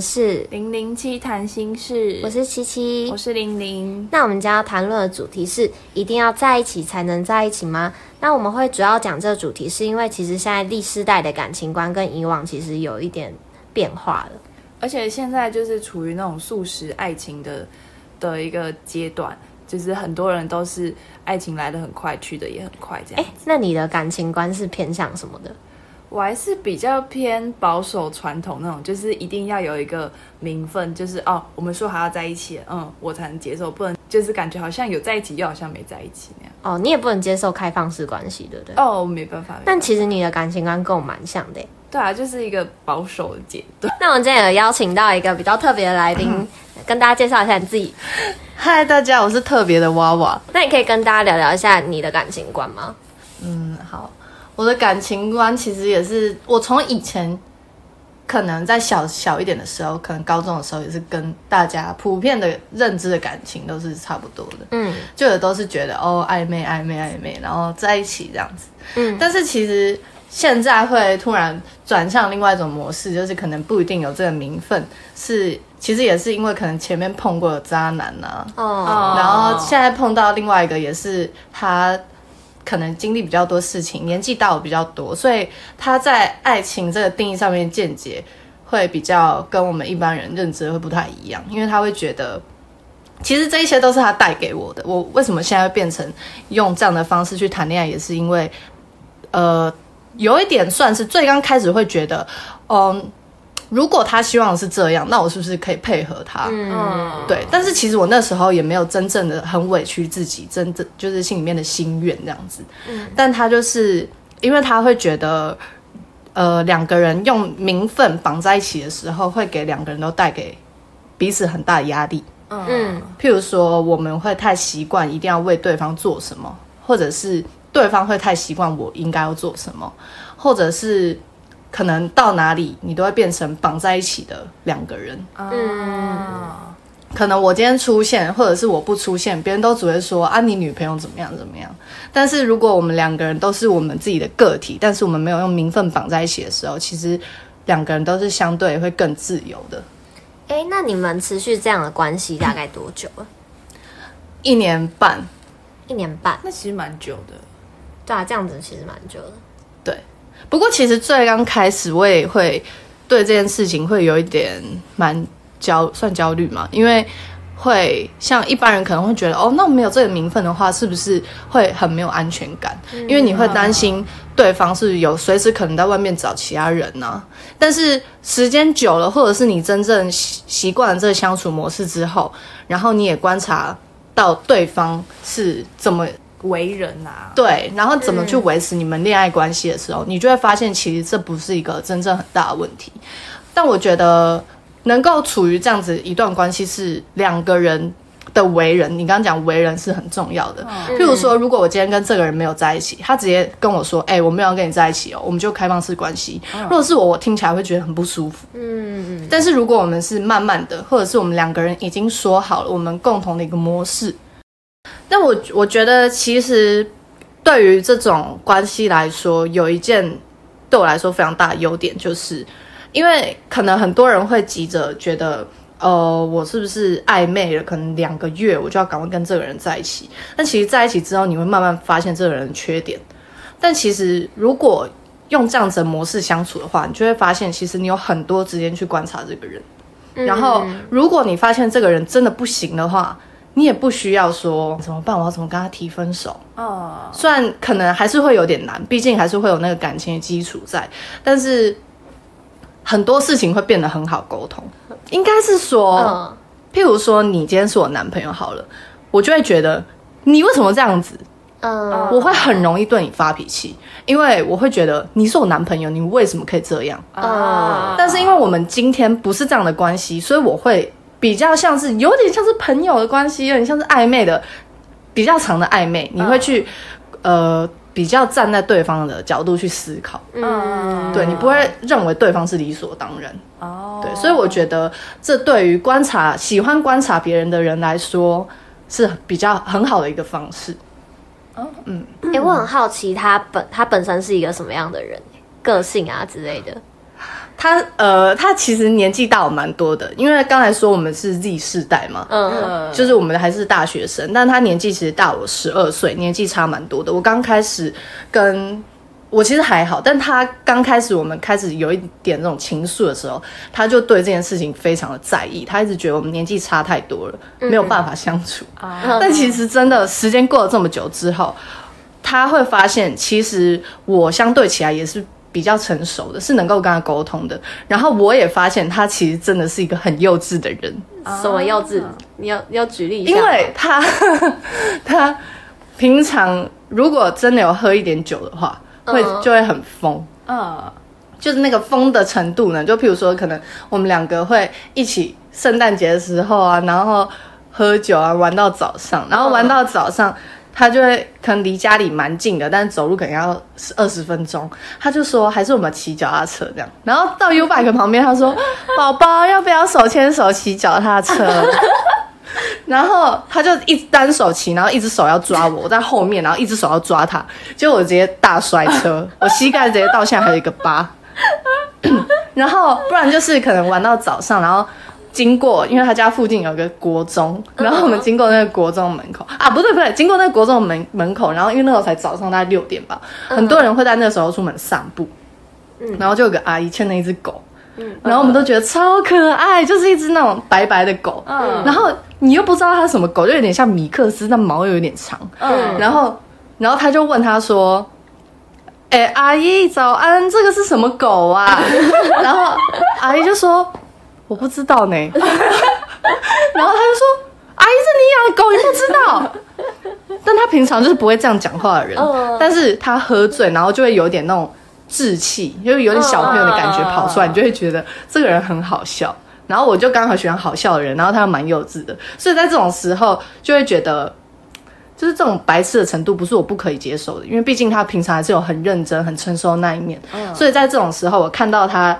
是零零七談心事，我是七七，我是零零。那我們將要談論的主題是：一定要在一起才能在一起嗎？那我們會主要講這個主題，是因為其實現在 Z 世代的感情觀跟以往其實有一點變化了。而且現在就是處於那種速食愛情的的一個階段，就是很多人都是愛情來得很快，去得也很快。這樣、欸。那你的感情觀是偏向什麼的？我還是比較偏保守傳統那種，就是一定要有一個名分，就是哦，我們說好要在一起，嗯，我才能接受，不能就是感覺好像有在一起，又好像沒在一起那樣。哦，你也不能接受開放式關係，對不對？哦，沒辦法。但其實你的感情觀跟我蠻像的耶。對啊，就是一個保守的階段。那我今天有邀請到一個比較特別的來賓， 跟大家介紹一下你自己。嗨，大家，我是特別的娃娃。那你可以跟大家聊聊一下你的感情觀嗎？嗯，好。我的感情觀其實也是，我從以前可能在小小一點的時候，可能高中的時候也是跟大家普遍的認知的感情都是差不多的，嗯，就也都是覺得哦曖昧曖昧曖昧，然後在一起這樣子，嗯，但是其實現在會突然轉向另外一種模式，就是可能不一定有這個名分，是其實也是因為可能前面碰過渣男吶、啊，哦，然後現在碰到另外一個也是他。可能經歷比較多事情，年紀大我比較多，所以他在愛情這個定義上面見解會比較跟我們一般人認知會不太一樣，因為他會覺得，其實這一切都是他帶給我的。我為什麼現在會變成用這樣的方式去談戀愛，也是因為，呃，有一點算是最剛開始會覺得，嗯。如果他希望是這樣，那我是不是可以配合他？嗯，對。但是其實我那時候也沒有真正的很委屈自己，真正就是心裡面的心願這樣子。嗯，但他就是因為他會覺得，呃，兩個人用名分綁在一起的時候，會給兩個人都帶給彼此很大的壓力。嗯嗯，譬如說我們會太習慣一定要為對方做什麼，或者是對方會太習慣我應該要做什麼，或者是。可能到哪裡，你都會變成綁在一起的兩個人。嗯，可能我今天出現，或者是我不出現，別人都只會說：“啊，你女朋友怎麼樣怎麼樣。”但是如果我們兩個人都是我們自己的個體，但是我們沒有用名分綁在一起的時候，其實兩個人都是相對會更自由的。欸，那你們持續這樣的關係大概多久啊？ 一年半。一年半？那其實蠻久的。對啊，這樣子其實蠻久的。不過其實最剛開始，我也會對這件事情會有一點蠻焦，算焦慮嘛。因為會像一般人可能會覺得，哦，那我沒有這個名分的話，是不是會很沒有安全感？嗯、因為你會擔心對方是有隨時可能在外面找其他人呢、啊。但是時間久了，或者是你真正習習慣了這個相處模式之後，然後你也觀察到對方是怎麼。為人啊，對，然後怎麼去維持你們戀愛關係的時候，嗯、你就會發現其實這不是一個真正很大的問題。但我覺得能夠處於這樣子一段關係，是兩個人的為人。你剛剛講為人是很重要的。嗯、譬如說，如果我今天跟這個人沒有在一起，他直接跟我說：“哎、欸，我沒有要跟你在一起哦，我們就開放式關係。嗯”如果是我，我聽起來會覺得很不舒服。嗯，但是如果我們是慢慢的，或者是我們兩個人已經說好了，我們共同的一個模式。但我我覺得，其實對於這種關係來說，有一件對我來說非常大的優點，就是因為可能很多人會急着覺得，呃，我是不是曖昧了？可能兩個月我就要趕快跟這個人在一起。但其實，在一起之後，你會慢慢發現這個人的缺點。但其實，如果用這樣子的模式相處的話，你就會發現，其實你有很多時間去觀察這個人。嗯、然後，如果你發現這個人真的不行的話，你也不需要說怎麼辦，我要怎麼跟他提分手啊？Oh. 雖然可能還是會有點難，畢竟還是會有那個感情的基礎在，但是很多事情會變得很好溝通。應該是說，Oh. 譬如說你今天是我男朋友好了，我就會覺得你為什麼這樣子？嗯，Oh. 我會很容易對你發脾氣，因為我會覺得你是我男朋友，你為什麼可以這樣？啊，Oh. 但是因為我們今天不是這樣的關係，所以我會。比較像是有點像是朋友的關係，有點像是曖昧的，比較長的曖昧。你會去，嗯、呃，比較站在對方的角度去思考，嗯，對，你不會認為對方是理所當然哦。對，所以我覺得這對於觀察喜歡觀察別人的人來說是比較很好的一個方式。嗯嗯、欸，我很好奇他本他本身是一個什麼樣的人，個性啊之類的。嗯他呃，他其實年紀大我蠻多的，因為剛才說我們是 Z 世代嘛，嗯、uh，uh. 就是我們還是大學生，但他年紀其實大我十二歲，年紀差蠻多的。我剛開始跟我其實還好，但他剛開始我們開始有一點這種情愫的時候，他就對這件事情非常的在意，他一直覺得我們年紀差太多了，mm hmm. 沒有辦法相處。Uh huh. 但其實真的時間過了這麼久之後，他會發現，其實我相對起來也是。比較成熟的，是能夠跟他溝通的。然後我也發現他其實真的是一個很幼稚的人。什麼幼稚？你要要舉例一下。因為他 他平常如果真的有喝一點酒的話，會就會很瘋。就是那個瘋的程度呢？就譬如說，可能我們兩個會一起聖誕節的時候啊，然後喝酒啊，玩到早上，然後玩到早上。他就會可能離家裡蠻近的，但走路可能要二十分鐘。他就說還是我們騎腳踏車這樣。然後到 U Bike 旁邊，他說寶寶要不要手牽手騎腳踏車？ 然後他就一單手騎，然後一隻手要抓我，在後面，然後一隻手要抓他，就我直接大摔車，我膝蓋直接到現在還有一個疤。 然後不然就是可能玩到早上，然後。經過，因為他家附近有個國中，然後我們經過那個國中門口、uh huh. 啊，不對不對，經過那個國中門門口，然後因為那時候才早上大概六點吧，uh huh. 很多人會在那個時候出門散步，uh huh. 然後就有個阿姨牽了一隻狗，uh huh. 然後我們都覺得、uh huh. 超可愛，就是一隻那種白白的狗，嗯、uh，huh. 然後你又不知道它是什麼狗，就有點像米克斯，但毛又有點長，嗯、uh，huh. 然後然後他就問他說，哎、uh huh. 欸、阿姨早安，這個是什麼狗啊？ 然後阿姨就說。我不知道呢， 然後他就說：“阿、啊、姨是你養、啊、的狗，你不知道。” 但他平常就是不會這樣講話的人，oh. 但是他喝醉，然後就會有點那種稚氣，就是、有點小朋友的感覺跑出來，oh. 你就會覺得這個人很好笑。然後我就剛好喜歡好笑的人，然後他又蠻幼稚的，所以在這種時候就會覺得，就是這種白痴的程度不是我不可以接受的，因為畢竟他平常還是有很認真、很成熟的那一面。Oh. 所以在這種時候，我看到他。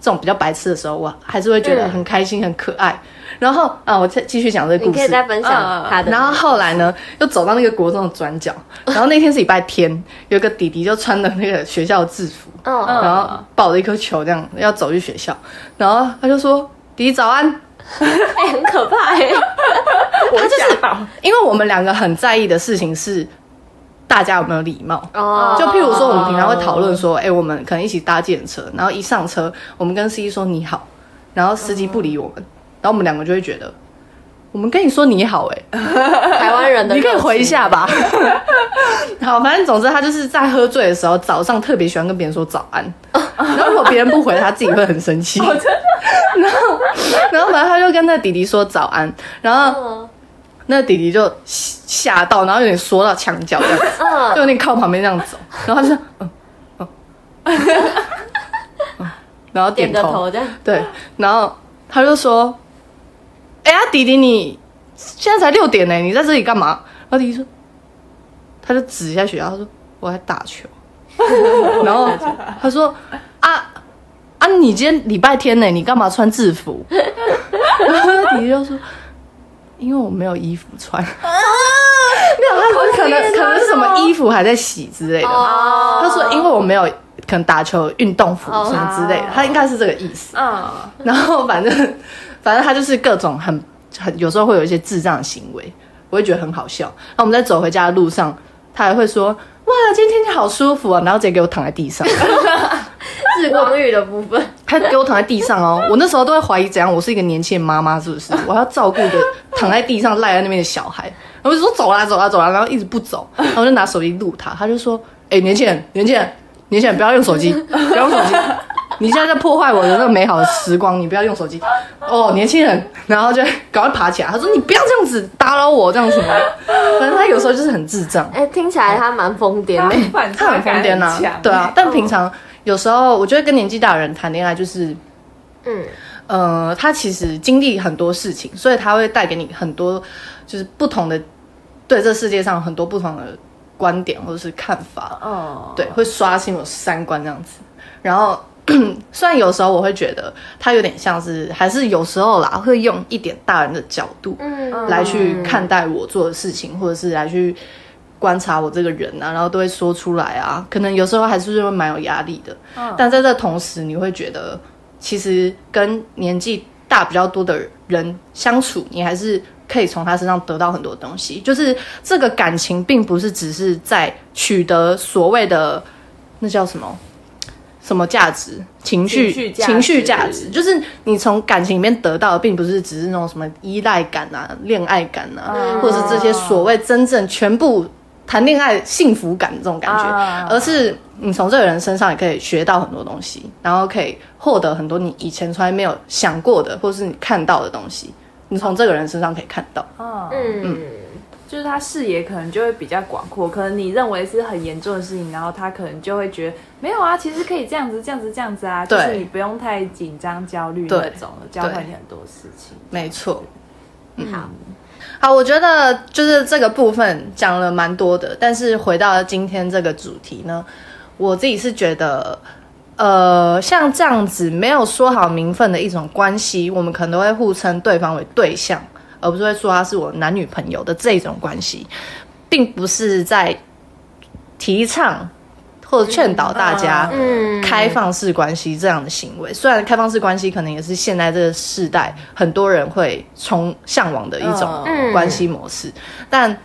這種比較白痴的時候，哇，還是會覺得很開心、嗯、很可愛。然後啊，我再繼續講這個故事，的事。哦、然後後來呢，哦、又走到那個國中的轉角，哦、然後那天是禮拜天，有一個弟弟就穿的那個學校的制服，哦、然後抱着一顆球這樣要走去學校，哦、然後他就說：“弟弟早安。 ”哎、欸，很可怕耶、欸！ 他就是我因為我們兩個很在意的事情是。大家有沒有禮貌？Oh, 就譬如說，我們平常會討論說，哎，我們可能一起搭計程車，然後一上車，我們跟司機說你好，然後司機不理我們，oh, oh. 然後我們兩個就會覺得，我們跟你說你好，欸，哎，台灣人的你可以回一下吧。 好，反正總之他就是在喝醉的時候，早上特別喜歡跟別人說早安，然後如果別人不回，他自己會很生氣。然後，然後反正他就跟那弟弟說早安，然後。那弟弟就嚇到，然後有點縮到牆角這樣子，就有點靠旁邊這樣走。然後他就嗯嗯，嗯，然後點頭，點個頭這樣對，然後他就說：“哎、欸、呀，弟弟，你現在才六點呢？、欸，你在這裡幹嘛？”然後弟弟說：“他就指一下學校，他說我還打球。”然後他說：“啊啊，你今天禮拜天呢？、欸，你幹嘛穿制服？”然後弟弟就說。因為我沒有衣服穿，啊、 沒有，他可能可，可能是什麼衣服還在洗之類的。哦、他說，因為我沒有可能打球運動服什麼之類的，哦、他應該是這個意思。啊、哦。然後反正反正他就是各種很很，有時候會有一些智障的行為，我會覺得很好笑。那我們在走回家的路上，他還會說：“哇，今天天氣好舒服啊！”然後直接給我躺在地上，日 光浴的部分。 他給我躺在地上哦，我那時候都會懷疑怎樣，我是一個年輕媽媽是不是？我還要照顧一個躺在地上賴在那邊的小孩，然後我就說走啦走啦走啦，然後一直不走，然後就拿手機錄他，他就說：哎、欸，年輕人，年輕人，年輕人，年輕人，不要用手機，不要用手機，你現在在破壞我的那美好的時光，你不要用手機哦，oh, 年輕人。然後就趕快爬起來，他說：你不要這樣子打擾我，這樣子。反正他有時候就是很智障，哎、欸，聽起來他蠻瘋癲的。欸、他，很他很瘋癲啊，對啊，但平常。哦有時候我覺得跟年紀大的人談戀愛就是，嗯呃，他其實經歷很多事情，所以他會帶給你很多就是不同的對這世界上很多不同的觀點或者是看法，哦，對，會刷新我三觀這樣子。然後雖然有時候我會覺得他有點像是，還是有時候啦，會用一點大人的角度，來去看待我做的事情，或者是來去。觀察我這個人啊，然後都會說出來啊，可能有時候還是會蠻有壓力的。嗯，但在這同時，你會覺得其實跟年紀大比較多的人相處，你還是可以從他身上得到很多東西。就是這個感情，並不是只是在取得所謂的那叫什麼什麼價值、情緒、情緒價值，就是你從感情裡面得到的並不是只是那種什麼依賴感啊、戀愛感啊，嗯，或者是這些所謂真正全部。談戀愛幸福感這種感覺，啊、而是你從這個人身上也可以學到很多東西，然後可以獲得很多你以前從來沒有想過的，或是你看到的東西。你從這個人身上可以看到，啊、嗯，就是他視野可能就會比較廣闊。可能你認為是很嚴重的事情，然後他可能就會覺得沒有啊，其實可以這樣子，這樣子，這樣子啊，對就是你不用太緊張、焦慮那種的，教會你很多事情。沒錯。嗯、好。好，我覺得就是這個部分講了蠻多的，但是回到今天這個主題呢，我自己是覺得，呃，像這樣子沒有說好名分的一種關係，我們可能都會互稱對方為對象，而不是會說他是我男女朋友的這種關係，並不是在提倡。或者勸導大家，嗯，開放式關係這樣的行為，嗯嗯、雖然開放式關係可能也是現在這個世代很多人會從嚮往的一種關係模式，哦嗯、但，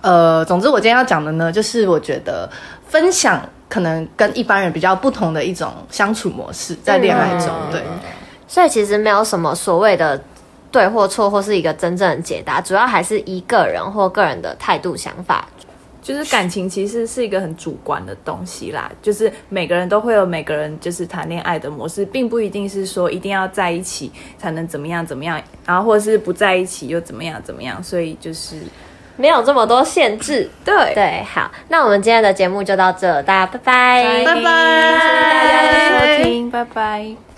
呃，總之我今天要講的呢，就是我覺得分享可能跟一般人比較不同的一種相處模式，在戀愛中，嗯哦、對，所以其實沒有什麼所謂的對或錯，或是一個真正的解答，主要還是一個人或個人的態度想法。就是感情其實是一個很主觀的東西啦，就是每個人都會有每個人就是談戀愛的模式，並不一定是說一定要在一起才能怎麼樣怎麼樣，然後或者是不在一起又怎麼樣怎麼樣，所以就是沒有這麼多限制。對對，好，那我們今天的節目就到這兒，大家拜拜，拜拜 bye，謝謝 bye 大家收聽，拜拜。